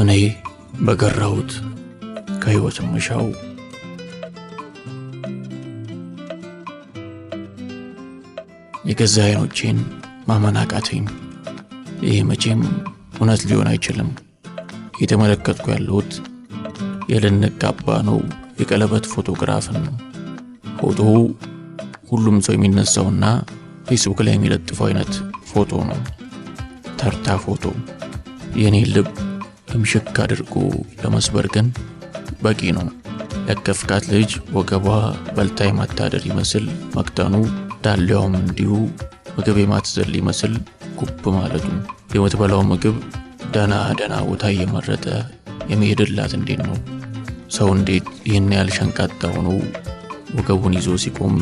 እኔ በገራሁት ከሕይወት ምሻው የገዛ አይኖቼን ማመን ይሄ ይህ መቼም እውነት ሊሆን አይችልም። እየተመለከትኩ ያለሁት የልንጋባ ነው የቀለበት ፎቶግራፍን ነው። ፎቶው ሁሉም ሰው የሚነሳውና ፌስቡክ ላይ የሚለጥፈው አይነት ፎቶ ነው። ተርታ ፎቶ የኔ ልብ እምሽክ አድርጎ ለመስበር ግን በቂ ነው። ያቀፍካት ልጅ ወገቧ በልታ የማታደር ይመስል መቅጠኑ፣ ዳሊያውም እንዲሁ ምግብ የማትዘል ይመስል ጉብ ማለቱ፣ የምትበላው ምግብ ደና ደና ቦታ እየመረጠ የሚሄድላት እንዴት ነው? ሰው እንዴት ይህን ያህል ሸንቃጣ ሆኖ ወገቡን ይዞ ሲቆም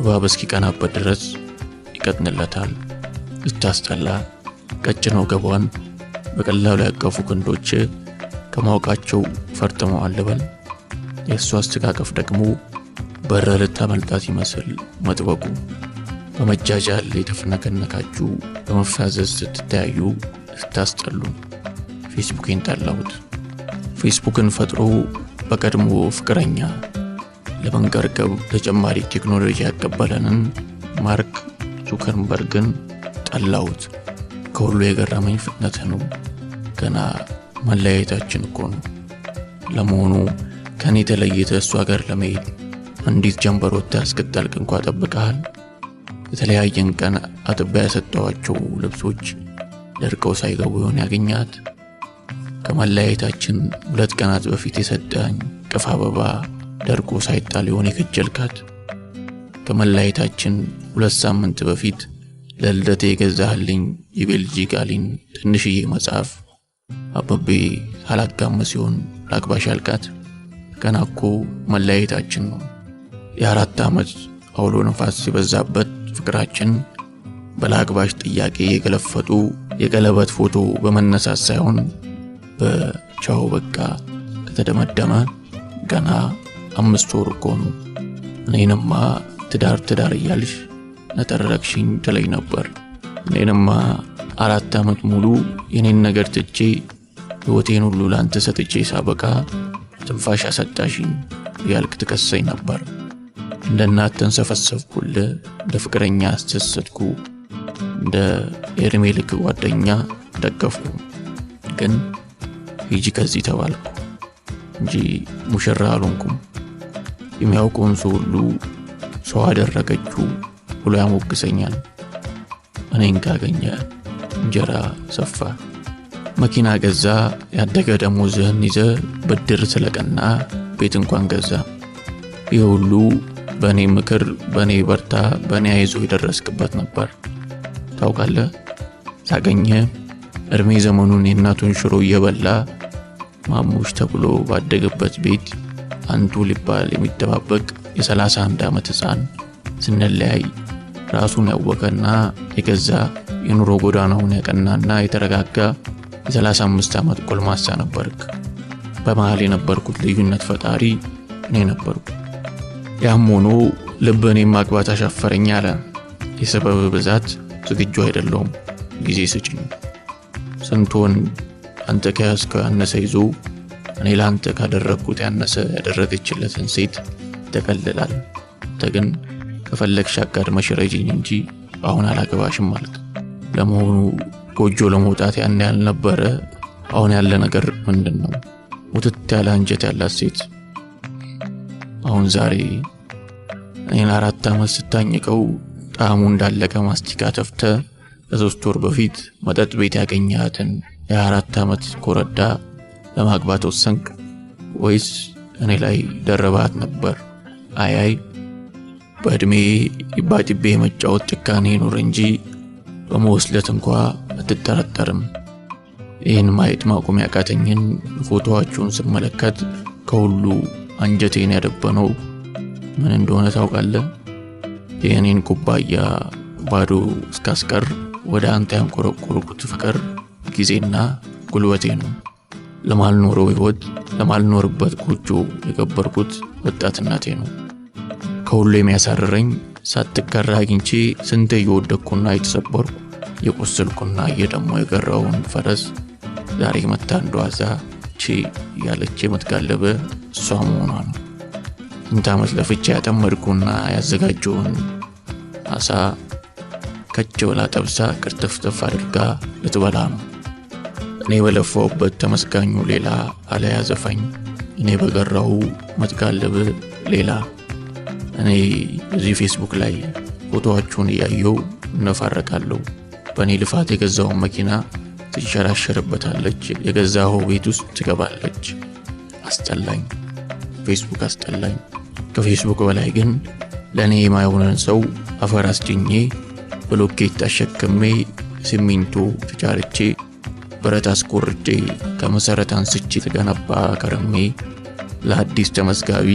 እባብ እስኪቀናበት ድረስ ይቀጥንለታል። ስታስጠላ ቀጭን ወገቧን በቀላሉ ያቀፉ ክንዶች ከማወቃቸው ፈርጥመው ልበል የእሱ አስተቃቀፍ ደግሞ በረ ልታመልጣት ይመስል መጥበቁ በመጃጃል የተፈነገነካችሁ በመፋዘዝ ስትተያዩ ስታስጠሉ ፌስቡክን ጠላሁት። ፌስቡክን ፈጥሮ በቀድሞ ፍቅረኛ ለመንቀርቀብ ተጨማሪ ቴክኖሎጂ ያቀበለንን ማርክ ዙከርንበርግን ጠላሁት። ከሁሉ የገረመኝ ፍጥነት ነው። ገና መለያየታችን እኮ ነው። ለመሆኑ ከኔ ተለይተ እሷ ጋር ለመሄድ አንዲት ጀንበር ወጥታ እስክጠልቅ እንኳ ጠብቀሃል? የተለያየን ቀን አጥባ ያሰጠዋቸው ልብሶች ደርቀው ሳይገቡ ይሆን ያገኛት? ከመለያየታችን ሁለት ቀናት በፊት የሰጠኝ ቅፍ አበባ ደርቆ ሳይጣል ይሆን የከጀልካት? ከመለያየታችን ሁለት ሳምንት በፊት ለልደቴ የገዛህልኝ የቤልጂግ አሊን ትንሽዬ መጽሐፍ አበቤ አላጋመ ሲሆን አልቃት ገና ቀናኮ መለያየታችን ነው። የአራት ዓመት አውሎ ነፋስ ሲበዛበት ፍቅራችን በላግባሽ ጥያቄ የገለፈጡ የቀለበት ፎቶ በመነሳት ሳይሆን በቻው በቃ ከተደመደመ ገና አምስት ወር እኮ ነው። እኔንማ ትዳር ትዳር እያልሽ ነጠረቅሽኝ ትለኝ ነበር። እኔንማ አራት ዓመት ሙሉ የኔን ነገር ትቼ ሕይወቴን ሁሉ ለአንተ ሰጥቼ ሳበቃ ትንፋሽ አሰጣሽኝ ያልክ ትከሰኝ ነበር። እንደ እናት ተንሰፈሰፍኩል፣ እንደ ፍቅረኛ አስደሰትኩ፣ እንደ የእድሜ ልክ ጓደኛ ደገፍኩ። ግን ሂጂ ከዚህ ተባልኩ እንጂ ሙሽራ አልሆንኩም። የሚያውቁን ሰው ሁሉ ሰው አደረገችው ብሎ ያሞግሰኛል። እኔን ካገኘ እንጀራ ሰፋ መኪና ገዛ፣ ያደገ ደሞዝህን ይዘ ብድር ስለቀና ቤት እንኳን ገዛ። ይህ ሁሉ በእኔ ምክር፣ በእኔ በርታ፣ በእኔ አይዞ የደረስክበት ነበር። ታውቃለህ፣ ሳገኘ እድሜ ዘመኑን የእናቱን ሽሮ እየበላ ማሙሽ ተብሎ ባደገበት ቤት አንቱ ሊባል የሚደባበቅ የ31 ዓመት ሕፃን ስንለያይ ራሱን ያወቀና የገዛ የኑሮ ጎዳናውን ያቀናና የተረጋጋ የ35 ዓመት ጎልማሳ ነበርክ። በመሃል የነበርኩት ልዩነት ፈጣሪ እኔ ነበርኩ። ያም ሆኖ ልብ እኔም ማግባት አሻፈረኝ አለ። የሰበብ ብዛት ዝግጁ አይደለውም ጊዜ ስጭኝ። ስንቶን አንተ ከያዝከው ያነሰ ይዞ እኔ ለአንተ ካደረግኩት ያነሰ ያደረገችለትን ሴት ተቀልላል። አንተ ግን ከፈለግሽ አጋድመሽ ረጅኝ እንጂ አሁን አላገባሽም አልክ። ለመሆኑ ጎጆ ለመውጣት ያን ያህል ነበረ። አሁን ያለ ነገር ምንድን ነው? ውትት ያለ አንጀት ያላት ሴት አሁን ዛሬ እኔን አራት ዓመት ስታኝቀው ጣዕሙ እንዳለቀ ማስቲካ ተፍተ ከሶስት ወር በፊት መጠጥ ቤት ያገኛትን የአራት ዓመት ኮረዳ ለማግባት ወሰንክ ወይስ እኔ ላይ ደረባት ነበር? አያይ በዕድሜ ይባጭቤ መጫወት ጭካኔ ኑር እንጂ በመወስለት እንኳ አትጠራጠርም። ይህን ማየት ማቆም ያቃተኝን ፎቶዋችሁን ስመለከት ከሁሉ አንጀቴን ያደበነው ምን እንደሆነ ታውቃለ የእኔን ኩባያ ባዶ እስካስቀር ወደ አንተ ያንቆረቆርኩት ፍቅር፣ ጊዜና ጉልበቴ ነው። ለማልኖረው ሕይወት ለማልኖርበት ጎጆ የቀበርኩት ወጣትናቴ ነው። ከሁሉ የሚያሳርረኝ ሳትገራ አግኝቼ ስንቴ እየወደኩና የተሰበርኩ የቁስልኩና እየደሞ የገራውን ፈረስ ዛሬ መታ አንዷ አዛ ቺ ያለች የምትጋለበ እሷ መሆኗ ነው። ስንት ዓመት ለፍቼ ያጠመድኩና ያዘጋጀውን አሳ ከች ብላ ጠብሳ ቅርጥፍጥፍ አድርጋ ልትበላ ነው። እኔ በለፋውበት ተመስጋኙ ሌላ አለያ ዘፋኝ እኔ በገራው መትጋለብ ሌላ እኔ እዚህ ፌስቡክ ላይ ፎቶዋችሁን እያየው እነፋረቃለሁ። በእኔ ልፋት የገዛውን መኪና ትሸራሸርበታለች፣ የገዛኸው ቤት ውስጥ ትገባለች። አስጠላኝ፣ ፌስቡክ አስጠላኝ። ከፌስቡክ በላይ ግን ለእኔ የማይሆነን ሰው አፈር አስድኜ ብሎኬት አሸክሜ ሲሚንቶ ተቻርቼ ብረት አስቆርጬ ከመሠረት አንስቼ ተገነባ ከርሜ ለአዲስ ተመዝጋቢ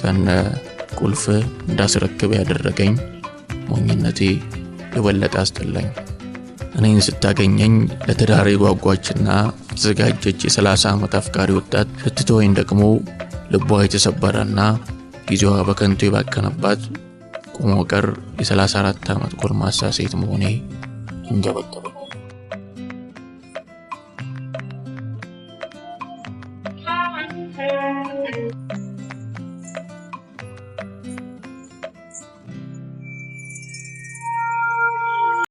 ከነ ቁልፍ እንዳስረክብ ያደረገኝ ሞኝነቴ የበለጠ አስጠላኝ። እኔን ስታገኘኝ ጓጓችና የጓጓችና የ የሰላሳ ዓመት አፍቃሪ ወጣት ስትተወኝ ደግሞ ልቧ የተሰበረና ጊዜዋ በከንቱ የባከነባት ቁሞቀር የ34 ዓመት ጎልማሳ ሴት መሆኔ እንገበገበ።